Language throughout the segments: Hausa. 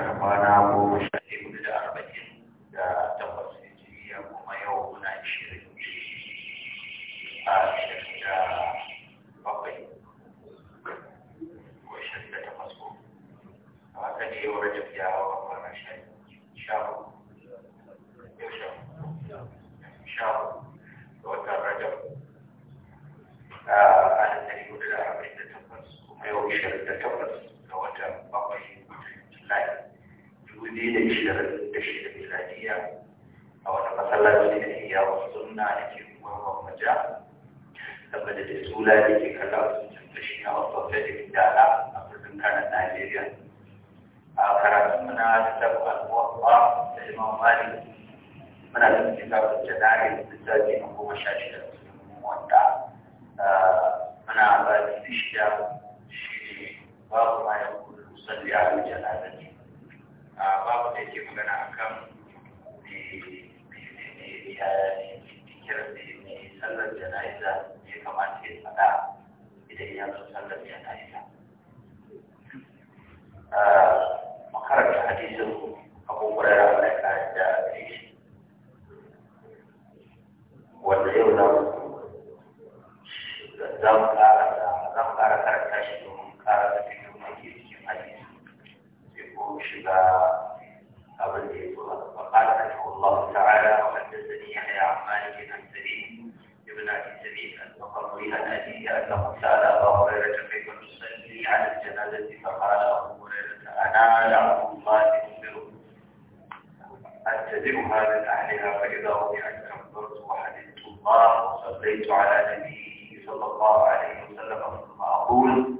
kwana goma da tula da ke kalla sun canza na wasu da ke dala a birnin kanan Najeriya. A karatun muna littafin al'uwa da imam Mali muna da littafin janari littafi na goma sha shida wanda muna ba da shida shi ne babu ma ya kudu musalli a Babu da yake magana akan ne ne ne ne ne ne ne ne ne ne ne ne kamata ya faɗa idan ya zo sallar ya na ah, ita. Makaranta hadisin Abu Hurairah Allah ya kare da shi. Wanda yau za mu ƙara karanta shi ko shiga Makaranta Allah ta'ala wa haddasa ni المسلمين أن قبرها الأتي أنه سأل أبا هريرة كيف نصلي على الجنازة فقال أبو هريرة أنا لعبد الله أخبره أتبعها من أهلها فإذا وضعت كبرت وحمدت الله وصليت على نبيه صلى الله عليه وسلم ثم أقول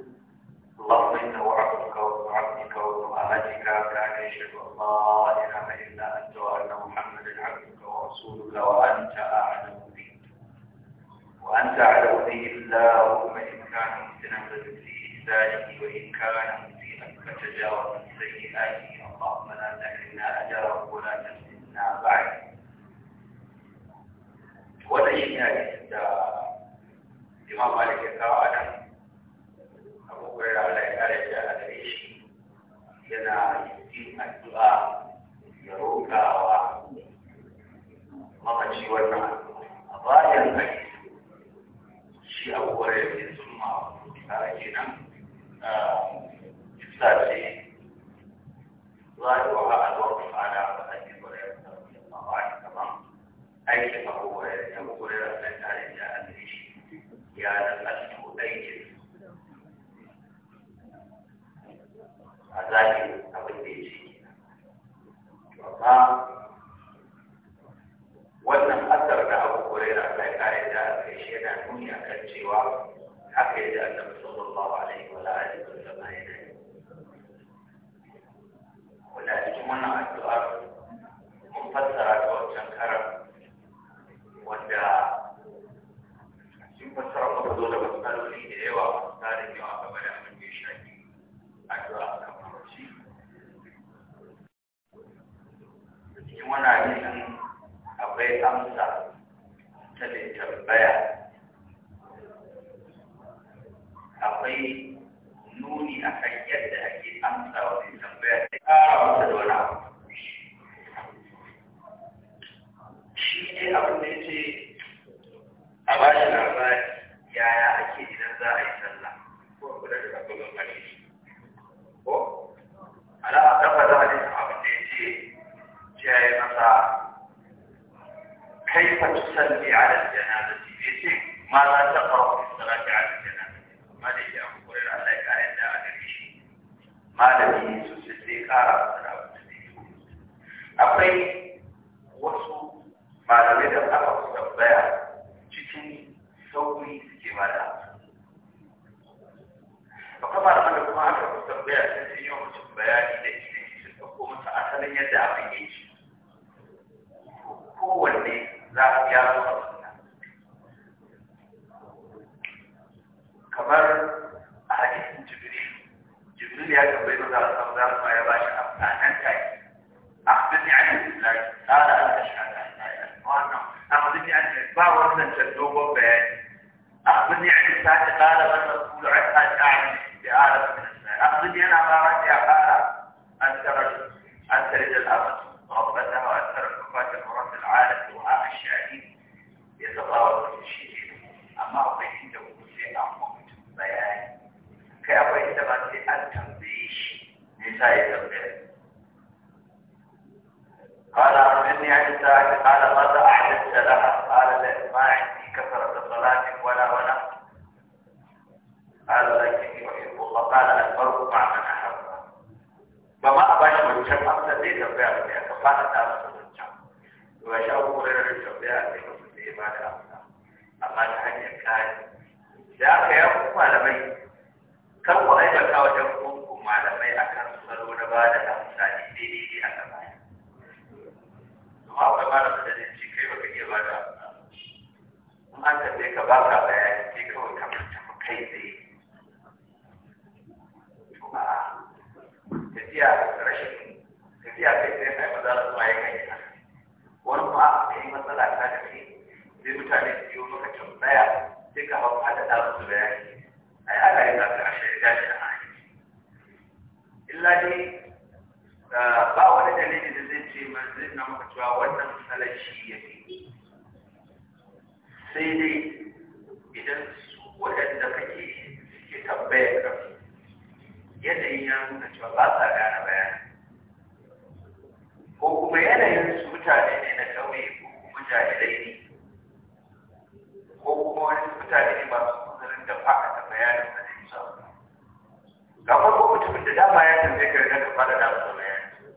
da dama ya tambaye ka riga ka fara da masa bayani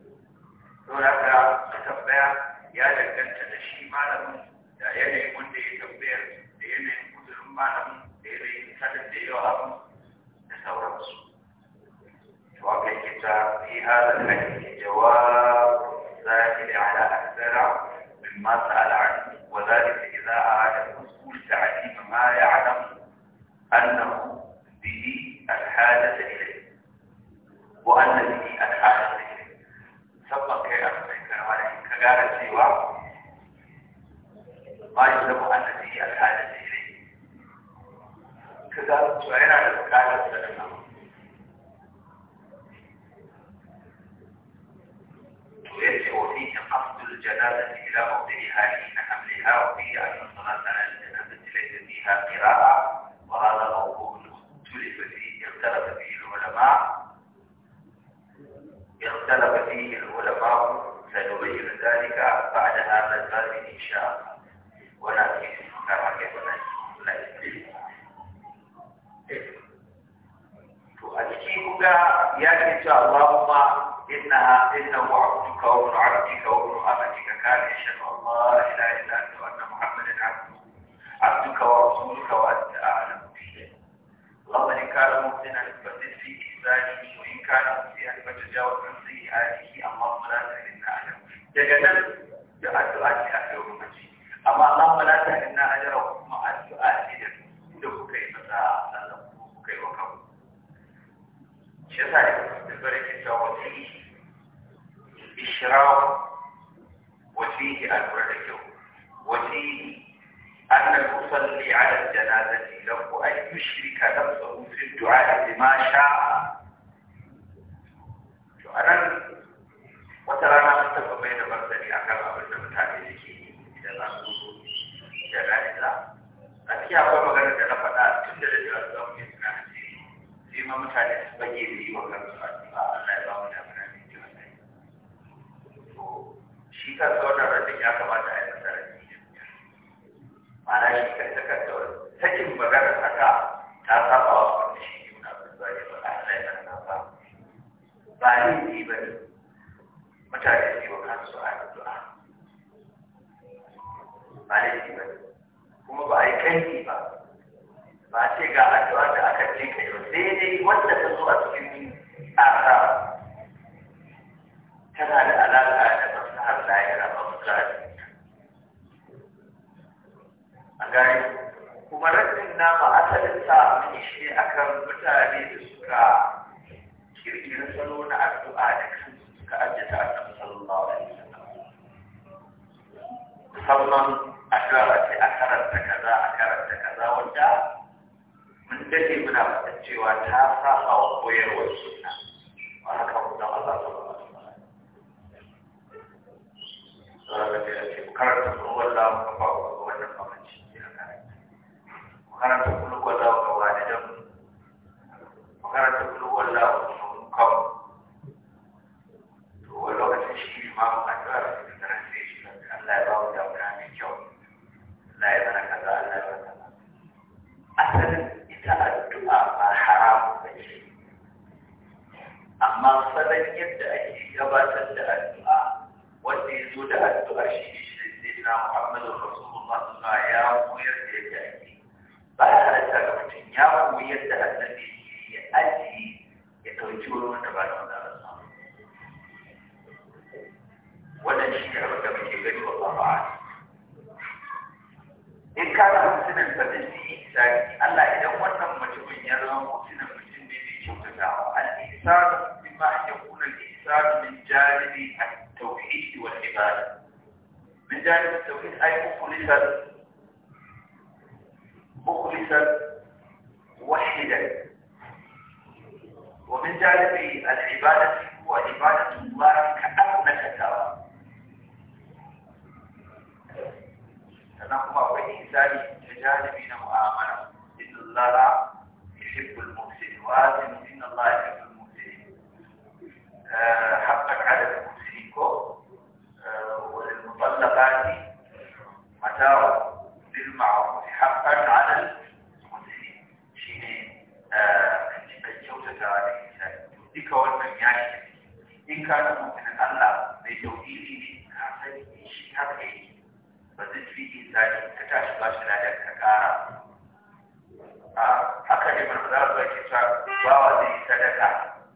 to da ka tambaya ya danganta da shi malamin da yanayin wanda ya tambayar da yanayin kudurin malamin da yanayin sanin da yawa abin da sauransu to haka yake ta fi hada kai jawab zahiri ala aksara مما سأل عنه وذلك إذا أراد الرسول تعليم ما يعلم أنه به الحاجة وأن به أدخال الذكر musamman kai a cikin karmari ka gara cewa ma yi zama an da zai a kanin da shi ka ga cewa yana da bukatar sadaka to ya ce wa fiye afdul janaza ta ila mawdai hali na hamle ha wa fiye a kan sana sana da janaza ta laifin biha qira'a wa hada mawdu'un tulifa fiye ya tarafa fiye ulama اختلف فيه العلماء سنبين ذلك بعد هذا الباب إن شاء الله ولكن كما كنا فأتيك يا كتاب اللهم إنها إنه عبدك وابن عبدك وابن أمتك كان يشهد الله لا إله إلا أنت وأن محمدا عبدك عبدك ورسولك وأنت أعلم به اللهم إن كان مؤمنا فزد في إيمانه كان مسيئا فتجاوز عن سيئاته اللهم لا تهلنا اجره daga nan da addu'a ce a kai lokaci amma Allah ba la ta'inna ajra kuma addu'a ce da da kuka yi masa sallan ko kuka yi wa kawo shi yasa da barke ta wasi ishraq wasihi al da kyau wasihi أن تصلي على الجنازة له أن يشرك نفسه في الدعاء ma شاء kamata mai da martani a kan abin da mutane da ke yi idan an zo a cikin akwai magana da na faɗa tun da daga jiran zuwa mai suna ce sai ma mutane su bage da yi wa kansu a addu'a Allah ya ba mu damuna mai ji wannan to shi kan wannan rajin ya kamata a yi masa rajin ma'ana shi kan ta kan sauran sakin magana ta ka ta saba wa wanda shi ne wani abin da ya faɗa Allah ya ba ba ni musamman a shara ce a karanta kaza a karanta kaza wanda mun dade muna fata cewa ta saba wa koyarwar suna a haka mu zama za su ba su ba karanta kuma wallahu kafawa maganin Allah mai tauhidi ne ka sani shi haka yake ba zai fi insani ka tashi ba shi na da ka kara a haka ne ba za su ake cewa bawa zai yi sadaka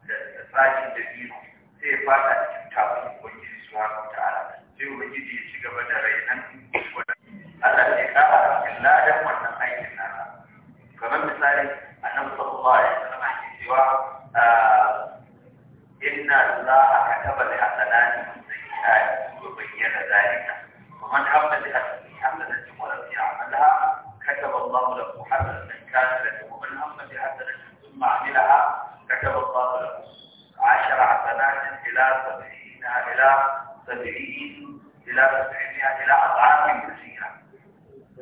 da tsakin da biyu sai ba da cuta ba ne ubangiji su wani ta'ala sai ubangiji ya ci gaba da rai nan Allah ne kara a cikin ladan wannan aikin nasa kamar misali a nan sallallahu alaihi wasallam ake cewa ah, إن الله كتب الحسنات والسيئات وبين ذلك ومن عمل حسنة ولم يعملها كتب الله له حسنة كاملة ومن عمل حسنة ثم عملها كتب الله له عشر حسنات إلى سبعين إلى سبعين إلى سبعمائة إلى أضعاف كثيرة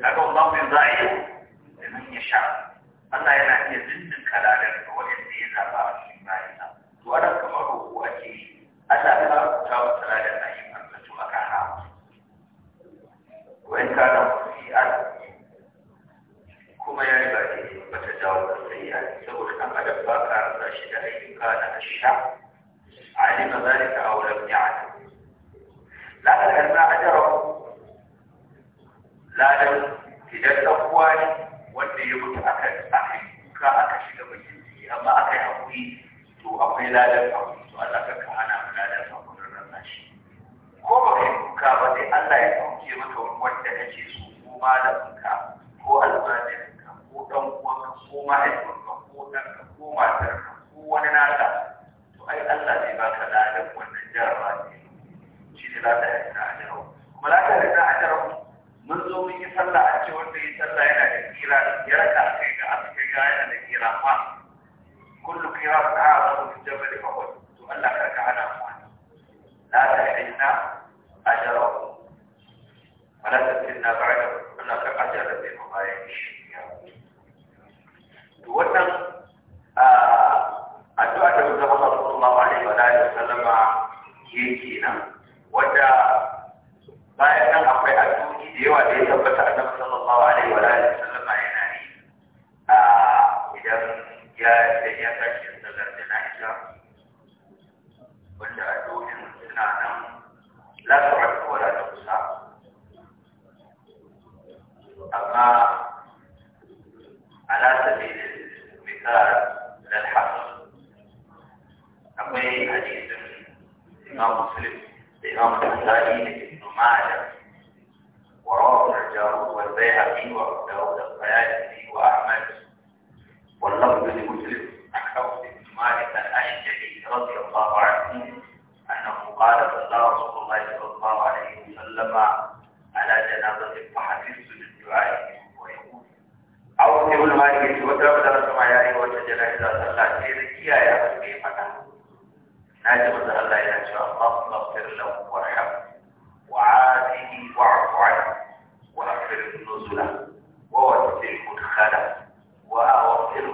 هذا الله من ضعيف لمن يشاء الله ينهي ضد الكلام وإن يذهب عن الشمال وأنا akwai lalata abu to Allah ka ka hana mu ladan abu shi ko ba kai kuka ba sai Allah ya sauke mata wanda kake so ko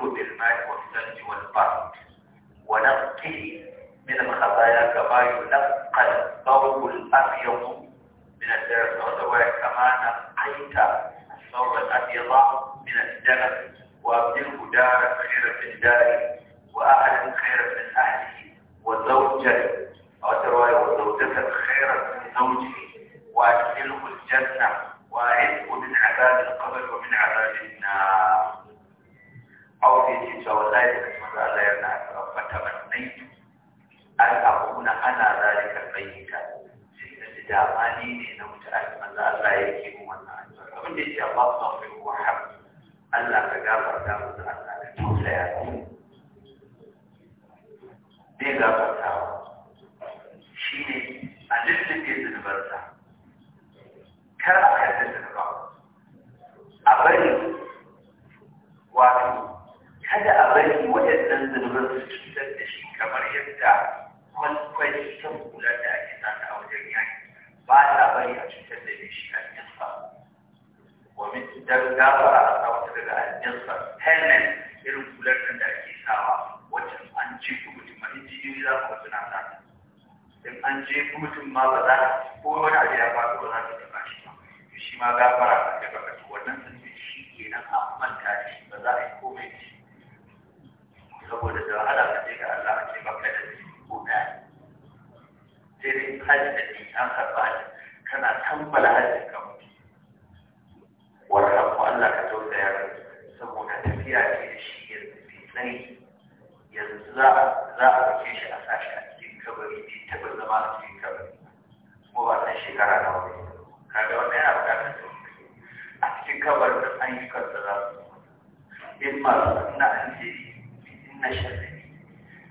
شرب الماء والثلج والبرد ونقه من الخطايا كما ينقى الثوب الأبيض من الدرس والدوائر كما نقيت الثوب الأبيض من الدرس وأبدله دارا خيرا في الدار وأهلا خيرا من أهله وزوجا وترواية وزوجة خيرا من زوجه وأدخله الجنة وأعزه من عذاب القبر ومن عذاب النار aure yake cewa wallahi da kuma za Allah ya na fata wannan an abu na ana zalika bayyana sai da dama ni ne na mutane manzo Allah yake mu wannan addu'a abin da yake Allah subhanahu wa ta'ala Allah ka gafarta mu da Allah ka tausaya mu zai gafarta shi ne a lissafe zunubarsa kar a karɓi zunubar a bari wato kada a bari waɗannan zunuban su cutar da shi kamar yadda kwalkwali ta kula da ake sata a wajen yaki ba ta bari a cutar da shi a jinsa domin idan gafara a sa daga a jinsa helmet irin kular nan da ake sawa wacce an ce ku ma inji injiniyoyi za ku wasu na in an je mutum ma ba za ko wani abu ya faru ba za ka taɓa shi ba shi ma gafara a daga kasu wannan sun shi kenan a manta shi ba za a yi komai saboda da wahala ka je ga Allah ce ka da shi ko da sai dai haji da ni an karba haji kana tambala haji ka mutu warham ko Allah ka tausaya saboda tafiya ce da shi yanzu bai tsayi yanzu za a za a ɗauke shi a sashi a cikin kabari bai taɓa zama a cikin kabari kuma ba san shekara nawa ne kaga wannan yana buƙatar tausayi a cikin kabarin da ayyukan da za su in ma na an ce na sharri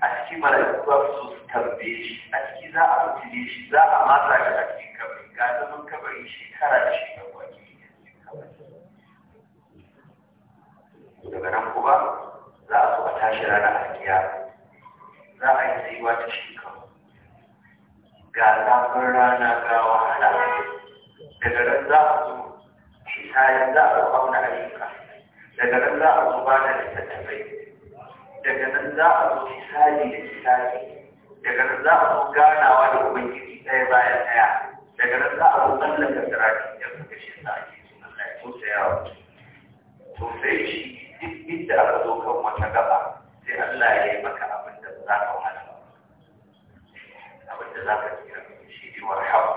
a cikin malakuwa su su tambaye shi a ciki za a mutune shi za a matsa shi a cikin kabari ga zaman kabari shekara da shekaru a cikin kabari daga nan kuma za a so a tashi rana a kiya za a yi tsayuwa ta shekaru ga zafin rana ga wahala daga nan za a zo shi za a zo auna ayyuka daga nan za a zo ba da littattafai daga nan za a zo misali da misali daga nan za a zo ganawa da ubangiji ɗaya bayan ɗaya daga nan za a zo mallaka sirati da suka shi sa ake ta lai to sai shi duk inda aka zo kan wata gaba sai Allah ya yi maka abin da za ka wahala abin da za ka tsira shi ne warhaba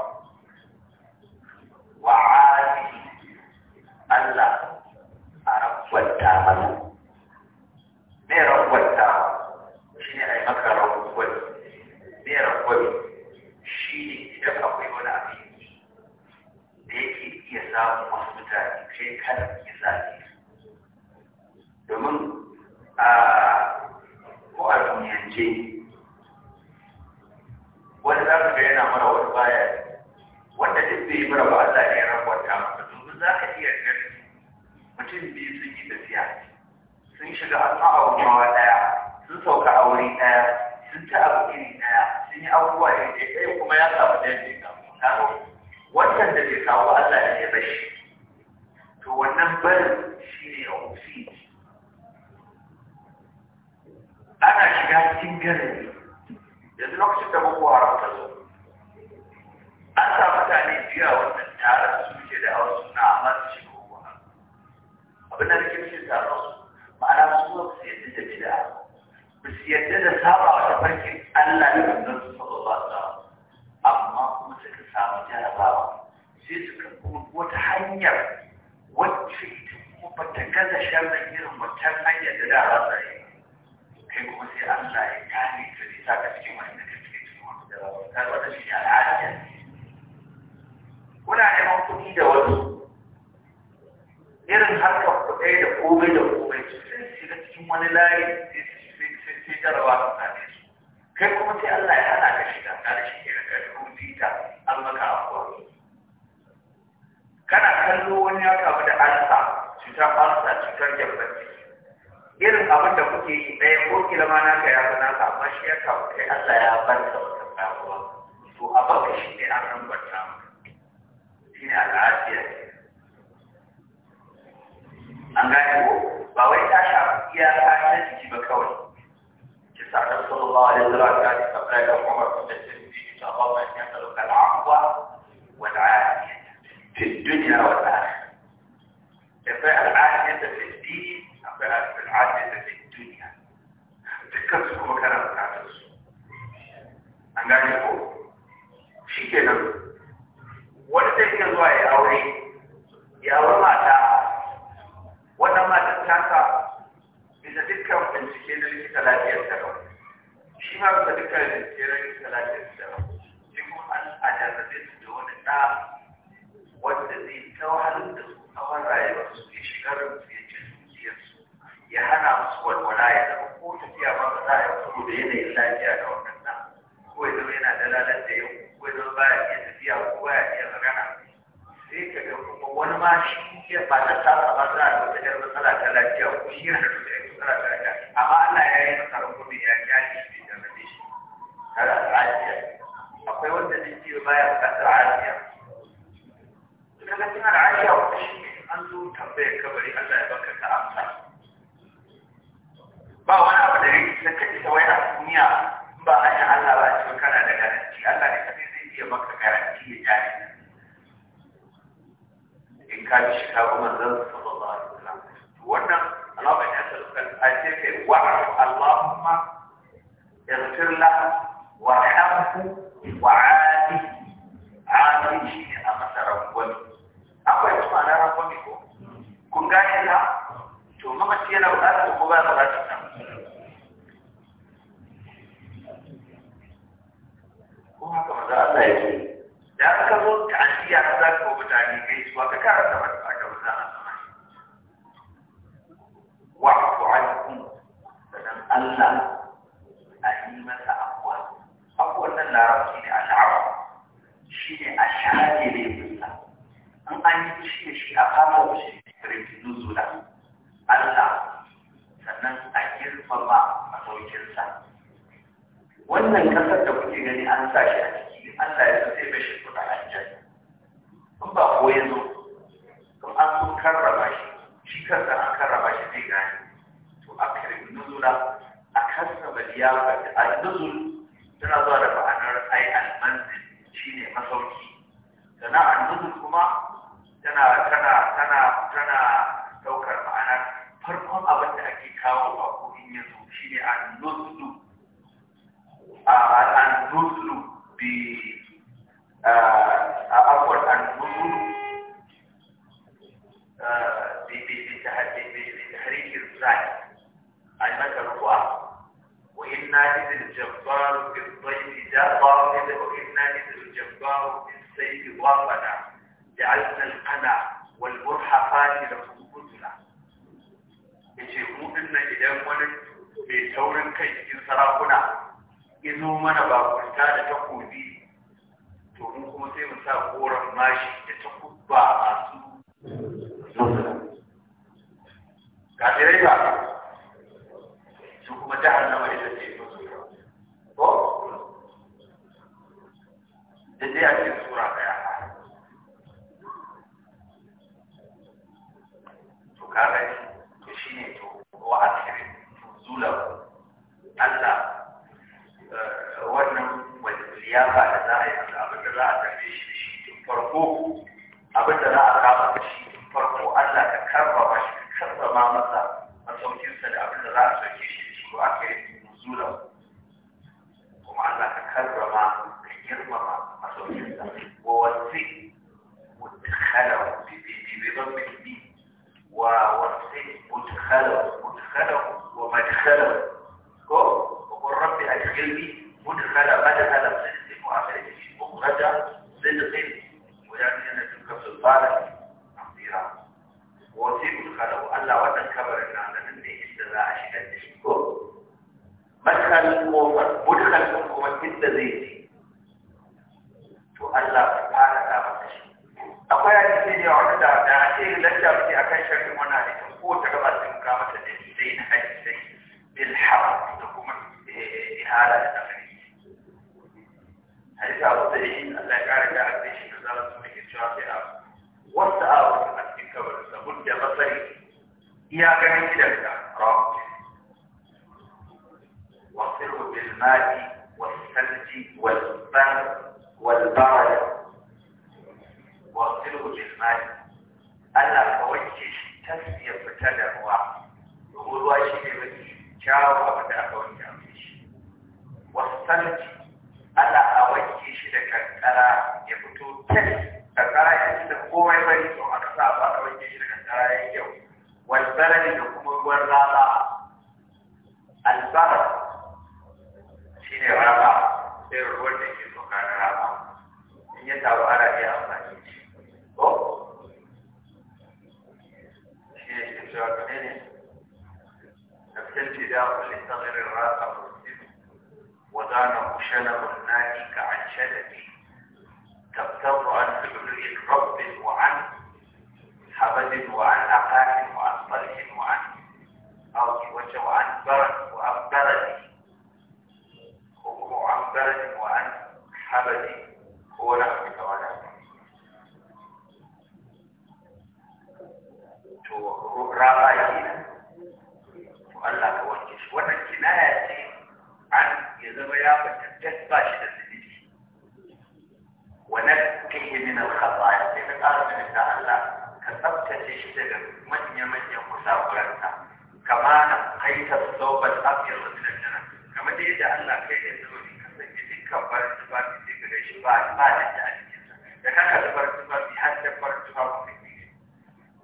wa'adi Allah a rabbanta mana mai rangwata shi ne a yi maka rangwani mai rangwani shi ne idan akwai wani abinci da yake iya samun wasu mutane kai kan ya sake domin a ko a duniyance wani za ka ga yana mara wani baya wanda duk bai mara ba Allah ne ya rangwata masa domin za ka iya ganin mutum biyu sun yi tafiya sun shiga ma'aunin wa ɗaya sun sauka a wuri ɗaya sun ci abu iri ɗaya sun yi abubuwa iri ɗaya ɗaya kuma ya samu ɗaya bai samu wannan da bai kawo Allah ne ya bashi to wannan barin shi ne a ofi ana shiga cikin garari yanzu lokacin da boko haram ta zo an sa mutane biya wannan taron su ke da hausa suna amma su shiga boko haram abin da nake cikin taron su ma'ana su ba su yadda da gida ba su yadda da saba wata farki Allah da wannan su saba ba su amma kuma suka samu jarabawa sai suka kuma wata hanyar wacce ita kuma ba ta gaza sharrin irin wancan hanyar da da ba sa kai kuma sai Allah ya gane ka ne sa ka cikin wani da ta cikin cikin wani jarabawa ta wata shi al'adar kuna neman kuɗi da wasu irin harkar kuɗai da komai da komai sai su shiga cikin wani layi sai jarawa su same su kai kuma sai Allah ya hana ka shiga tare shi ke ka ta an maka afuwa kana kallo wani ya kamu da alsa cutar alsa cutar gyambar irin abin da kuke yi ɗaya ko kila ma ka ya fi ka amma shi ya kamu kai Allah ya bar ka wata kamuwa to a baka shi ne an rambata shi ne al'adiyar an gane ko ba wai ta shafi iyaka ta jiki ba kawai ki sa da sallallahu alaihi wasallam ta ji sabrai da kuma da tirmidhi ta Allah ya kaluka al-afwa wal afiya fi dunya wal akhirah fa al-afiya fi din fa al-afiya fi dunya dukkan su kuma kana bukatar su an gane ko shikenan wanda yake zuwa ya aure ya aure mata wannan matar taka bisa dukkan bincike na likita lafiyar ta ba shi ma bisa dukkan bincike na likita lafiyar ta ba shi ko an da su da wani ɗa wanda zai ta wahalar da su tsawon rayuwarsu ya shigar su ya ci su ya hana musu walwala ya zama ko tafiya ma ba za a yi da yanayin lafiya da wannan ɗan ko ya zama yana dalalar da yau ko ya zama baya iya tafiya ko baya iya magana sai ka ga kuma wani ma shi ya ba ta saba ba za a wata yar matsala ta lafiya ko shi yana da wata yar matsala ta lafiya amma Allah ya yi masa rangwame ya kyale shi bai jarrabe shi kada lafiya akwai wanda zai ce baya bukatar lafiya idan ka tana da lafiya wata shi ne an zo tambayar kabari Allah ya baka ka amsa ba wani abu da yake da kake da waya a duniya ba hanyar Allah ba a cikin kana da garanti Allah ne kadai zai iya maka garanti ya jani in ka ji shi kawo manzon sallallahu alaihi wasallam wannan Allah ya sa suka ace kai wa Allahumma ighfir laha wa hamhu wa adi adi shi ne a masarar wani akwai tsamanar wani ko kun gane ta to mamaci yana bukatar ko ba ta taurin kai cikin sarakuna izo mana ba kunta da takobi to mu kuma sai mu sa koren mashi da takubba masu ga dai ba su kuma mai da ce ko da dai a cikin الماء والثلج والبرد والبرد واغسله بالماء ألا فوجش تسمية فتدى الواقع يقول واشي لمن جاوة فتدى والثلج ألا أوجش لك الأرى يبتو تسمية kankara ya ci da komai bari to aka sa ba a wanke shi da kankara ya yi kyau wani da kuma ruwan rana ka sauka da afiyar wasu da kamar da yadda Allah kai da sauri ka sanya dukkan farin su sai ka gaishe ba ba da ta a cikinsa da ka ka zubar tufafi har da farin tufafi ka ke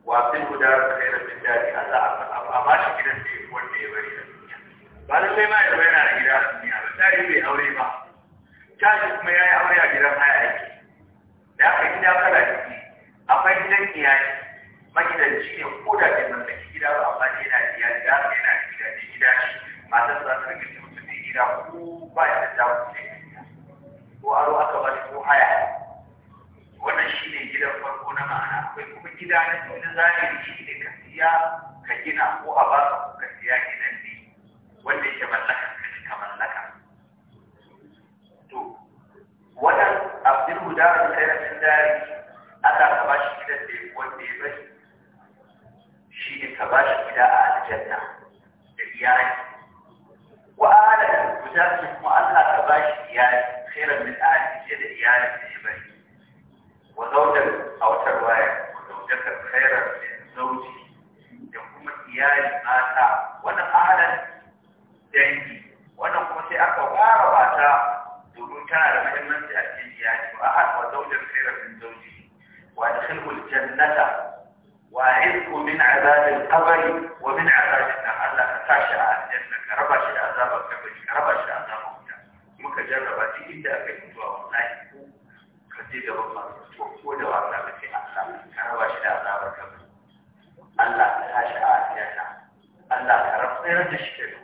wa sun guda da kai da bin daji Allah a ba shi gidan da ya wanda ya bari da duniya ba da sai ma ya bayana da gida a duniya ba ta yi bai aure ba ta kuma ya yi aure a gidan haya yake da aka gida kala ciki akwai gidan iyali magidanci ne ko da bai mallaki gida ba amma yana iyali da yana matar za ta rage mutum ne gida ko ba ya da dawo ne ko aro aka bari ko haya wannan shi ne gidan farko na ma'ana akwai kuma gida na na zahiri shi ne ka siya ka gina ko a ba ka siya gidan ne wanda ya mallaka ka shi ka mallaka to wannan abdul huda da kairafin dari aka ka ba shi gidan da ya wanda ya bari shi ne ka ba shi gida a aljanna da iyali وآلة وجدت مؤلها كباش ديالي خيرا من آل جد ديالي تشبهي وزوجة أو ترواية وزوجك خيرا من زوجي يقوم ديالي ماتا وانا آلة دنجي وانا قمت أكبار واتا دون كان لما يمنت أجل ديالي وأحد وزوجة خيرا من زوجي وأدخله الجنة وأعذه من عذاب القبر ومن عذاب النار لا تخشى الجنة ka raba shi da azabar kabari ka raba shi da azabar wuta muka jarraba duk inda aka yi mutuwa wallahi ko ka je gaban masu ko da wata ka ce Allah ka raba shi da azabar kabari Allah ka sa shi a aljanna Allah ka rafa da shi da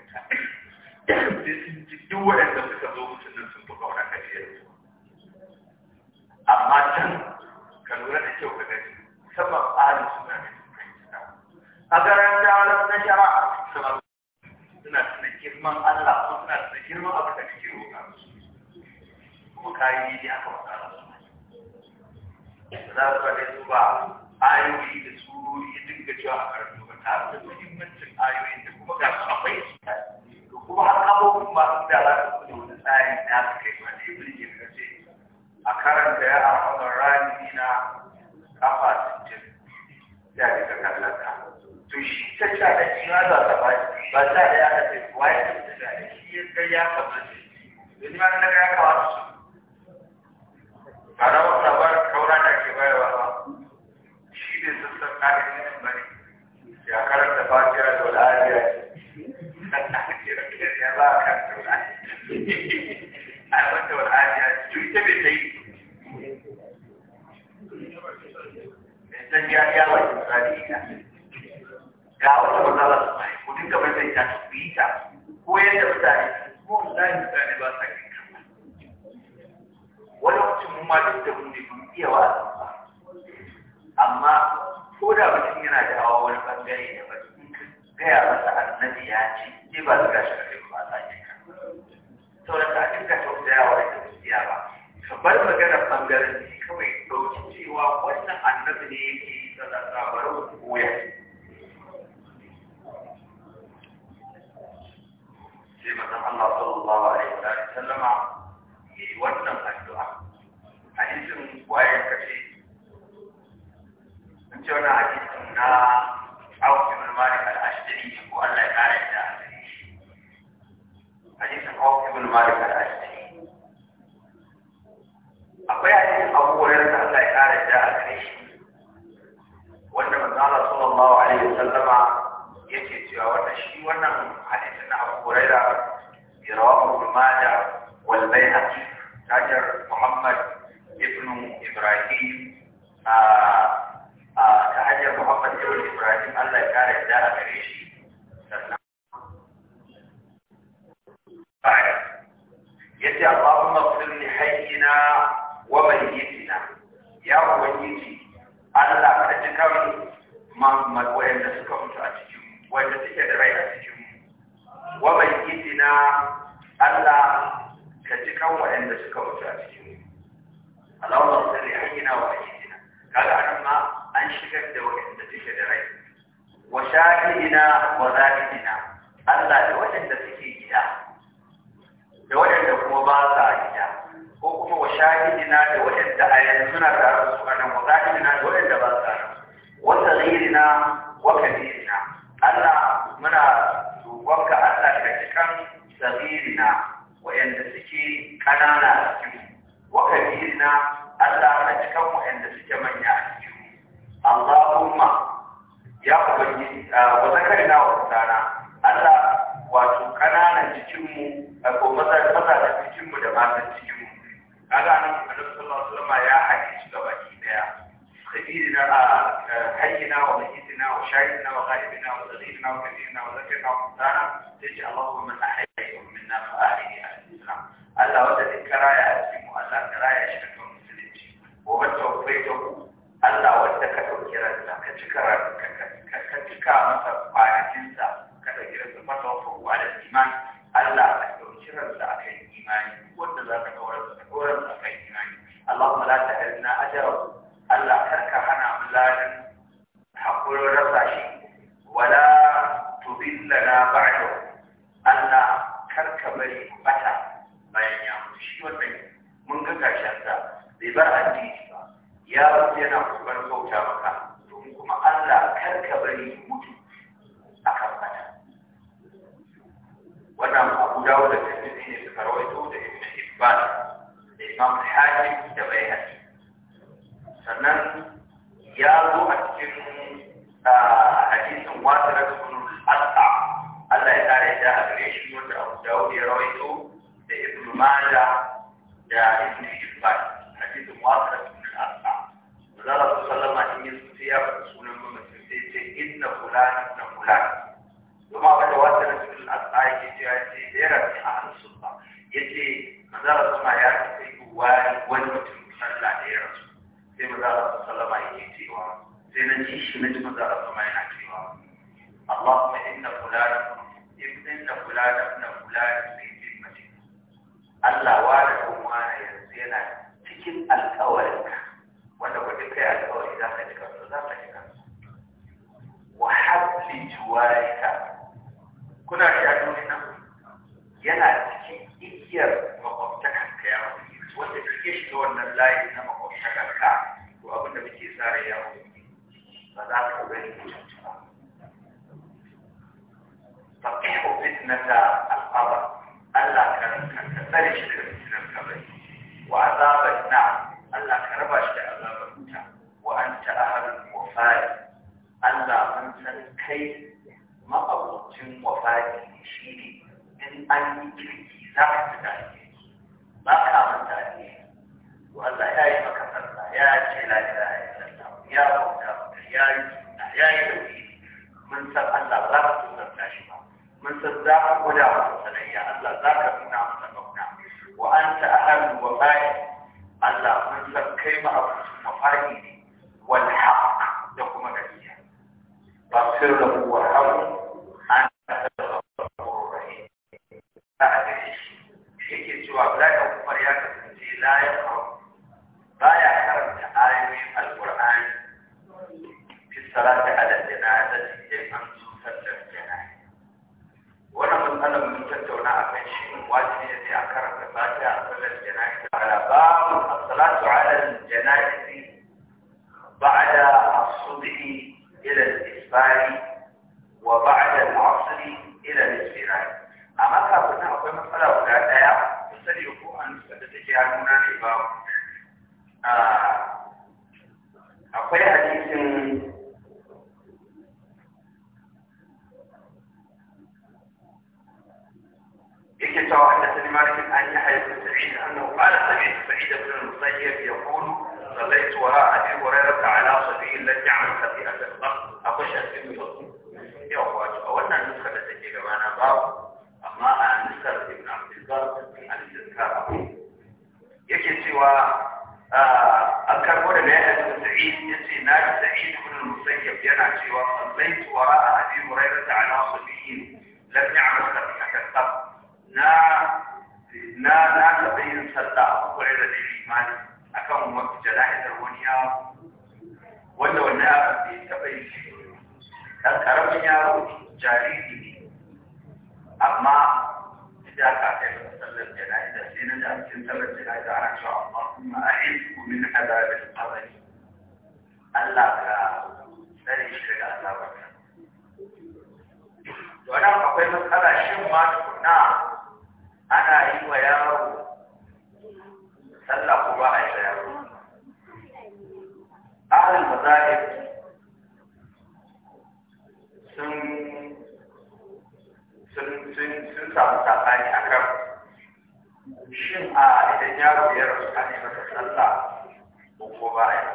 wuta duk waɗanda suka zo mutum nan sun fi kauna kafiyar su amma can ka lura da kyau ka gani musamman tsarin suna ne su kai a za su faɗe su ba ayoyi da surori duk da cewa a karatu ba ta da yi wannan addu'a hadisin waye kashe in ce wani hadisin na Auf ibn Malik al-Ashdari ko Allah ya kare da hadisin Auf ibn Malik al-Ashdari akwai hadisin Abu Hurairah da Allah ya kare da shi wanda manzo Allah sallallahu alaihi wasallama yake cewa wannan shi wannan hadisin na Abu Hurairah ya rawahu Ibn Majah wal Baihaqi Hajar Muhammad Ibn Ibrahim ta hanyar Muhammad Ibrahim Allah ya kare da gare shi yace Allahumma qul li hayyina wa mayyitina ya ubangiji Allah ka ji kan mamman da suka mutu a cikin wanda suke da rai a cikin wa mayyitina Allah ka ji kan waɗanda suka mutu a cikin Allahumma salli hayyina wa ayyidina kaga anan ma an shigar da waɗanda suke da rai wa shahidina wa zalidina Allah da waɗanda suke gida da waɗanda kuma ba sa gida ko kuma wa shahidina da waɗanda a yanzu suna tare da su anan wa zalidina da waɗanda ba sa wa sagirina wa kabirina Allah muna roƙonka Allah ka ji kan sagirina wa'yanda suke ƙanana a cikin wakabir na Allah na cikan wa'yanda suke manya a cikin Allahumma ya ubangiji wa zakarina wa tsana Allah wato ƙananan cikinmu a ko cikin cikinmu da matan cikinmu kaga nan annabi sallallahu alaihi wasallam ya haƙi shi gaba ki daya sayyidina a hayyina wa mahidina wa shahidina wa ghaibina wa zalilina wa kabirina wa zakirina wa tsana sai ce Allahumma na ji maza rasu ma yana cewa Allahumma inna fulani inna fulani inna fulani sai jimmati Allah wa da kuma yanzu yana cikin alƙawarinka wanda wanda kai alƙawari za ka ji kansu za ka ji kuna da yana cikin igiyar makwabtakanka ya wanda kake shiga wannan layi na makwabtakanka to abinda muke sa rai ba za ka bari ku cutuwa faqihu fitnata al-qabr Allah ka ka tsare shi daga fitnar kabari wa azaban na Allah ka raba shi da azabar wuta wa anta ahlul wafai Allah an san kai ma'abucin wafai shi ne in an yi kirki za ka fi da ba ka manta ne Allah ya yi maka sallah ya ce la ilaha illallah ya bauta ya yi ya yi mun san Allah za ka tsorata shi ba mun san za ka gwada masa sanayya Allah za ka nuna masa kauna wa anta ahlu wa fa'i Allah mun san kai ma abu mafari ne wal haqq da kuma gaskiya ba sirru wa hawu an ta ta'ala rahim ta ake shi yake cewa la ya kuma ya kasance la salata a dandana da sai an cutar da jana wannan a a karanta ba ta a salar ah, akwai hadisin يجي سوى لمالك مالك عن يحيى بن سعيد انه قال سمعت سعيد بن المسيب يقول صليت وراء ابي هريره على صبي لم يعمل خطيئه الارض اخشى في يوم يوم وانا النسخه التي تجي معنا باب اما النسخه ابن عبد البر الاستذكار يجي سوى an karbo da bayan Abu Sa'id yace سعيد بن المسيب ينا سوى صليت وراء أبي هريرة على Abi لم ala sabiyyin lam ya'mal na na na taɓa yin sallah a kwarar da ne limani a kan wata jana'izar wani yawa wanda wannan yaron bai taɓa yi shi ɗan ƙaramin yaro jariri ne amma da aka kai da sallar jana'izar sai na da cikin sallar jana'izar ana cewa Allahumma a'idhu min azabil qabr Allah ka tsare shi daga azabar to akwai matsala shin ma tukuna ana yi wa yaro sallah ko ba a yi wa yaro ahlul mazahib sun sun sun sun samu tsakani akan shin a idan yaro ya rasu a ne masa sallah ko ba a yi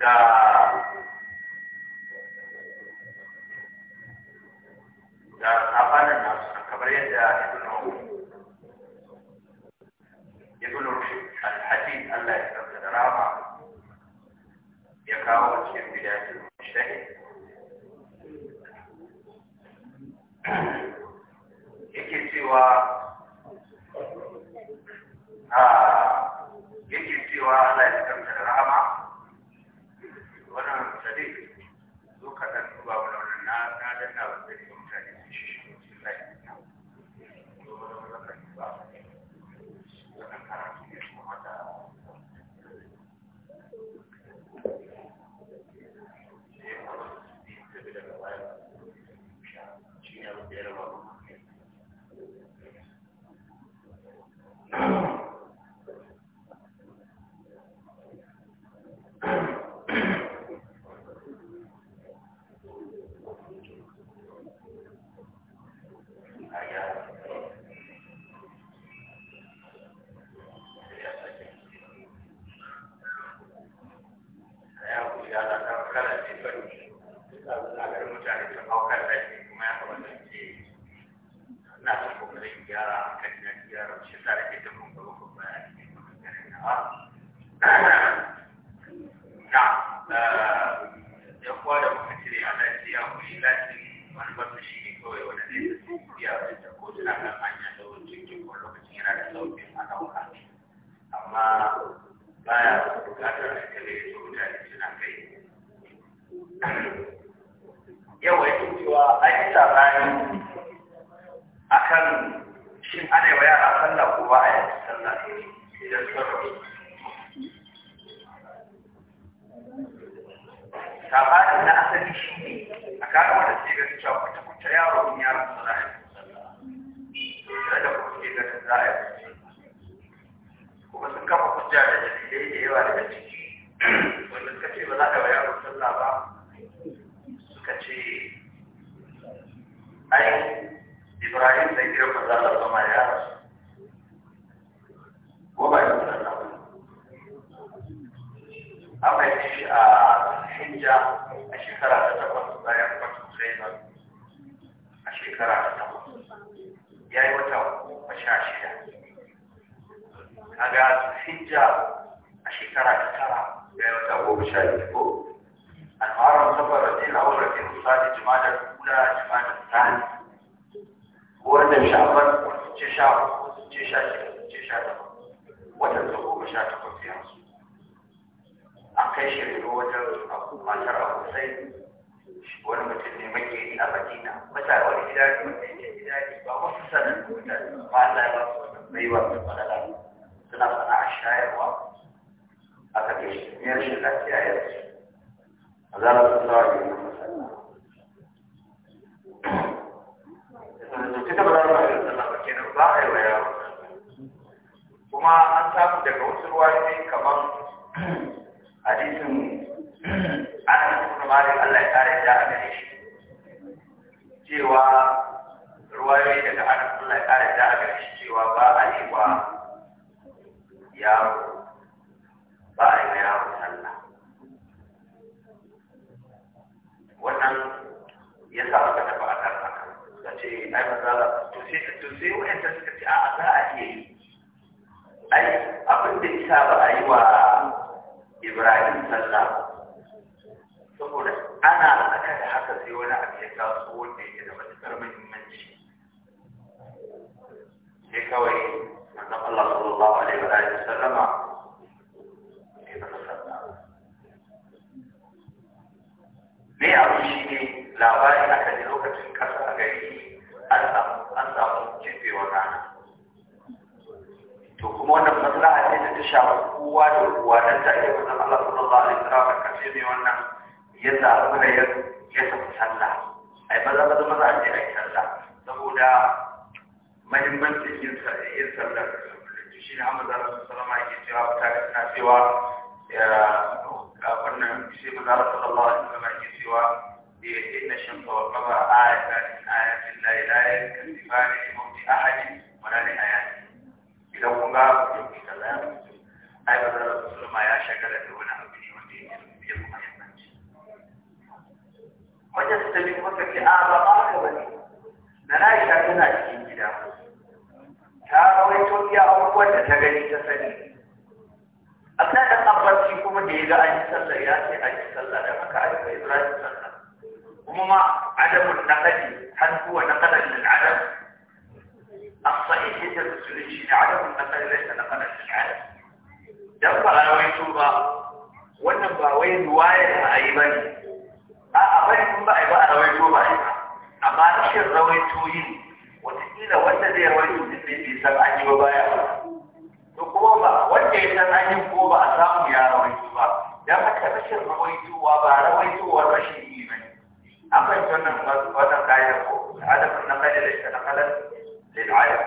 ga da sabanin nasu kamar yadda ibnu ibnu al-hadid Allah ya tsarka da rama ya kawo cikin bidayatul mushtahid yake cewa a yake cewa Allah ya tsarka da rama wannan sadiq zo ka dan duba wannan na na danna wannan uh, sha ko al'amuran safar rajin awar da misali jima'a a kula jima'a da tsari wannan shafar wasu ce sha wasu ce sha shida wasu ce sha takwas watan su goma sha takwas yanzu an kai shi rigo wajen matar abu sai wani mutum ne yi a madina mata wani gida wanda yake ba ya na shiga kiyaye su a za a yi wa Kuma an samu daga wasu ruwayoyi kamar hadisin ana cikin malik Allah ya da a shi. Cewa ruwayoyi daga ana Allah ya da a shi cewa ba a yi wa ya Ba a yi wa yaro. wannan ya sa aka tafi a kan haka da ce ai maza to sai to sai wanda suka ce a za a iya yi ai abin da isa ba a yi wa Ibrahim sallah saboda ana aka da haka sai wani abu ya su wanda yake da matuƙar muhimmanci sai kawai manzon Allah sallallahu alaihi wa sallama ne abu shi ne labarin aka ji lokacin kasa a gari an samu kifewar rana to kuma wannan maslaha ce da ta sha kowa da kowa dan ta yi wannan Allah sallallahu alaihi wasallam ka ce mai wannan ya zaɓi da ya tafi sallah ai maza maza maza ce yi sallah saboda mahimmancin yin yin sallah shi ne Ahmad sallallahu alaihi wasallam yake cewa ta na cewa wannan shi maza sallallahu alaihi wasallam yake cewa inna shamsa wal qamara ayatan min ayatin la ilaha illa huwa li mawti ahadin wa la aya, idan kun ga ku yi sallah ai ba da musulma ya shagala da wani abu ne wanda yake da muhimmanci wajen su tabi ke a ba ma ka bane na Aisha tana cikin gida ta rawaito ya abubuwan da ta gani ta sani Allah dan abbarci kuma da ya ga an yi sallar ya ce an yi sallar, da haka a yi Ibrahim sallah kuma ma adamun naqadi hal na naqadan lil adam as-sahih yadda musulunci ne adamun na laysa naqadan lil adam dan ba a rawaito ba wannan ba wai riwayar ba a yi bane a a bari kun ba a yi ba a rawaito ba a amma rashin rawaito yin wataƙila wanda zai rawaito din bai san an yi ba baya ba to kuma ba wanda ya san an ko ba a samu ya rawaito ba dan haka rashin rawaitowa ba rawaitowa rashin yi ba an kan wannan wannan kayan ko adam na kai da shi na kalan lil alim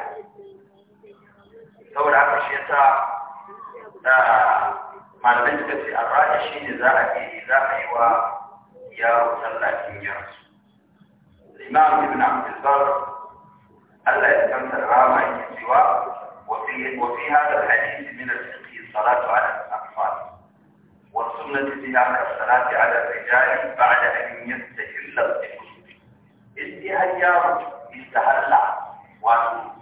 saboda haka shi yasa malamai suka ce a ra'a shi ne za a yi za a yi wa yaro sallah kin yarsu imam ibn abdul bar Allah ya san sarama yake cewa وفي هذا الحديث من الفقه الصلاة على الأطفال والسنة بناء الصلاة على الرجال بعد أن يستهل الطفل إذ هيا يستهلع وأنا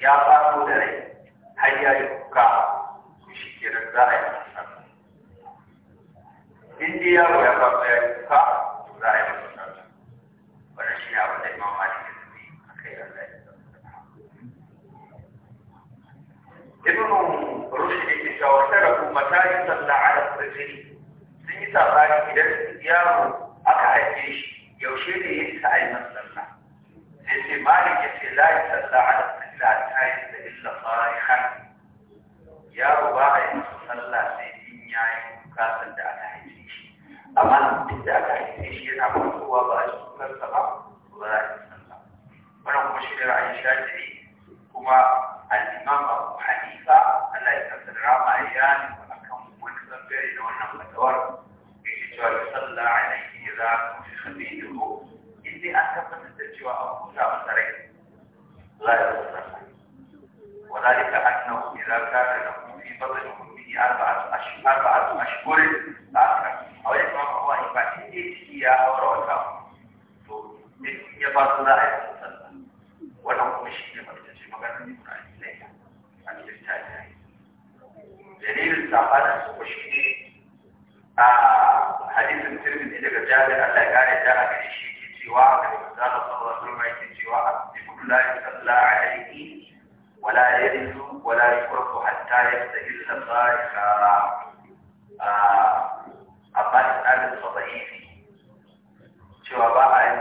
يا بابو دري هيا يبكى مشكلة زائد إذ يا بابو idan yaro aka haife shi yaushe ne ya isa a yi sai malik ya ce la yi ta yi da illa farihan yaro ba a yi masa sallah sai in ya yi da aka haife shi amma duk da aka haife shi yana fitowa ba a yi kukarsa ba ba a yi sallah wannan kuma shi ne ra'ayin shafi'i kuma al-imam abu hanifa Allah ya akan wani bangare da wannan fatawar ويصلى عليه إذا idza kufifa bihi ruh in dai an tabbatar da cewa وذلك أنه إذا كان له في بطن أمه أربعة أشهر أربعة أشهر أو يسمع هو إن هي أو رواه يبقى لا ولو مش لما تجي مكان يكون عليها عن يعني الإفتاء دليل الزعفان مشكلة a hadisin tirmidhi daga jabir Allah ya kare da aka shi ke cewa aka yi misali sallallahu alaihi wasallam yake cewa asbiqu la yusalla alayhi wala yarisu wala yukrafu hatta yastahilla sarika amma isnadin sa da'ifi cewa ba a yi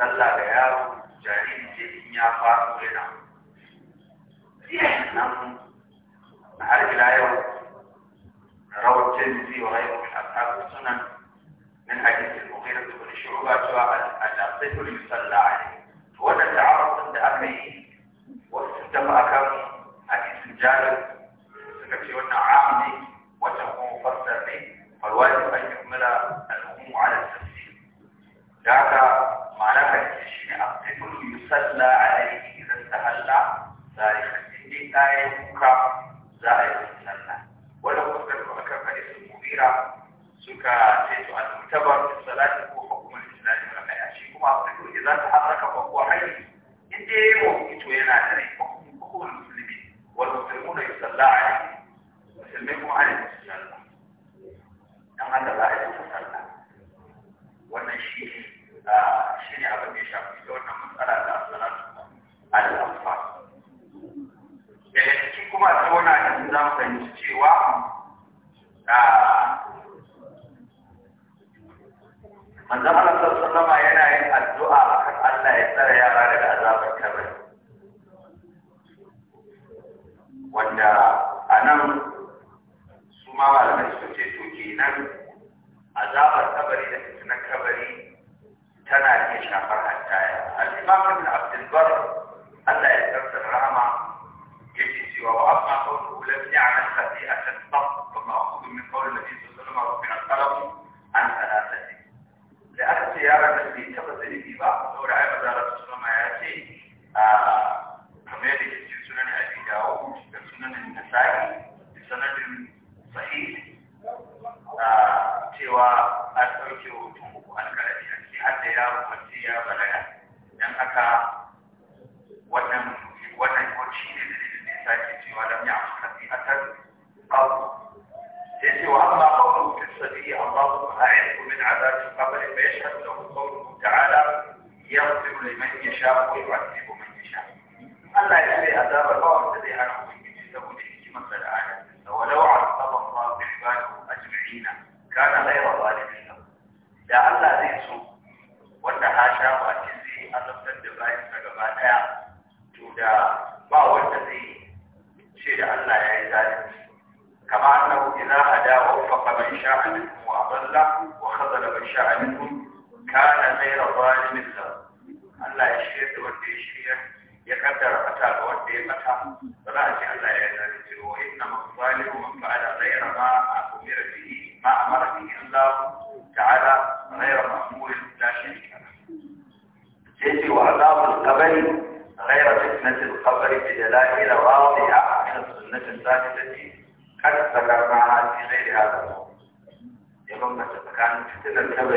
sallah ga yaro jariri ce in ya faru yana nan har ila yau الترمذي وغيره من أصحاب السنن من حديث المغيرة بن شعبة الأصح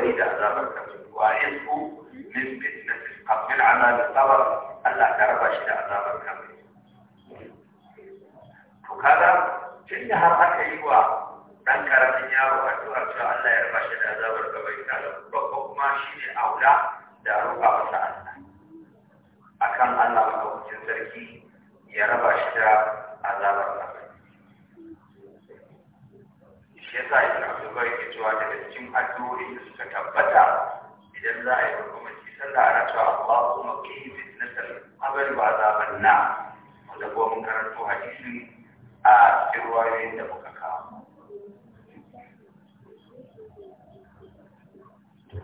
ولي عذابك وعيده من فتنة القبر من عذاب القبر الله تعرف To kada وكذا tunda har aka yi wa ɗan ƙaramin yaro addu'ar cewa Allah ya raba shi da azabar gaba ita da kuma shi ne aula da roƙa masa Allah akan Allah sarki ya raba shi da azabar shi yasa ibn abdullah yake cewa daga cikin addu'o'i da suka tabbata idan za a yi hukumar ci sallah ana cewa Allahumma qini fitnatal qabri wa azaban nar wanda ko mun karanto hadisin a cikin ruwayoyin da muka kawo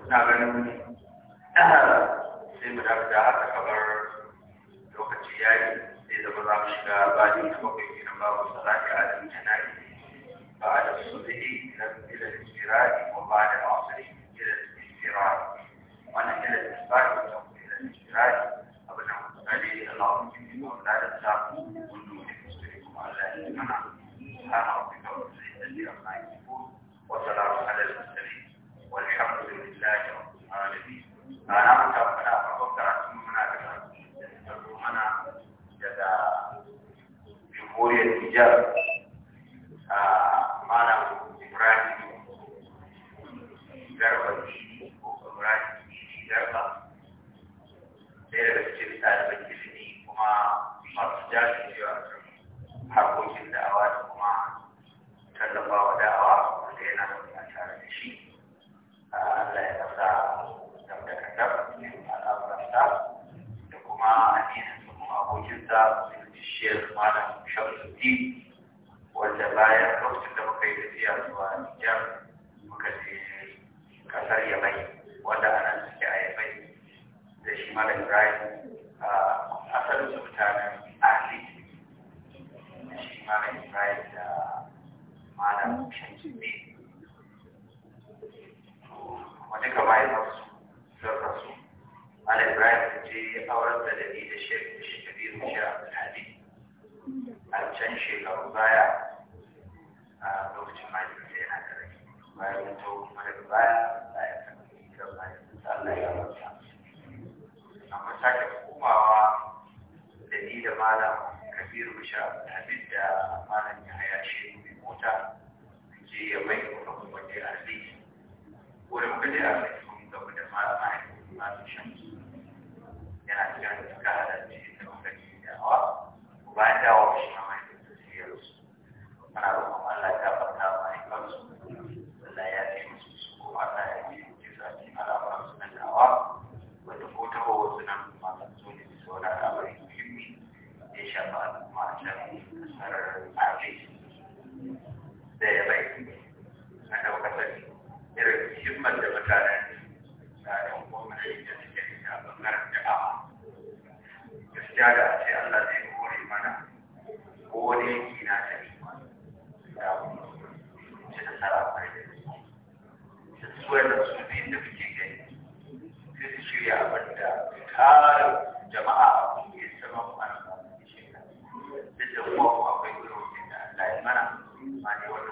na ganin eh, sai mu da haka kamar lokaci yayi sai zama za mu shiga bajin da bakwai kenan babu salati a cikin jana'i بعد الصبح إلى الاشتراك وبعد العصر إلى الاشتراك وأنا إلى الاشتراك والجوم إلى الاشتراك أبنى وصلي اللهم كنت مولانا تشاكو كل مسلم على المنع سبحان ربك رب العزة عما يصفون وسلام على المرسلين والحمد لله رب العالمين أنا أتوقع أفكر أسمعنا بها أنا جدا جمهورية الإجابة ciki wacce bayan my own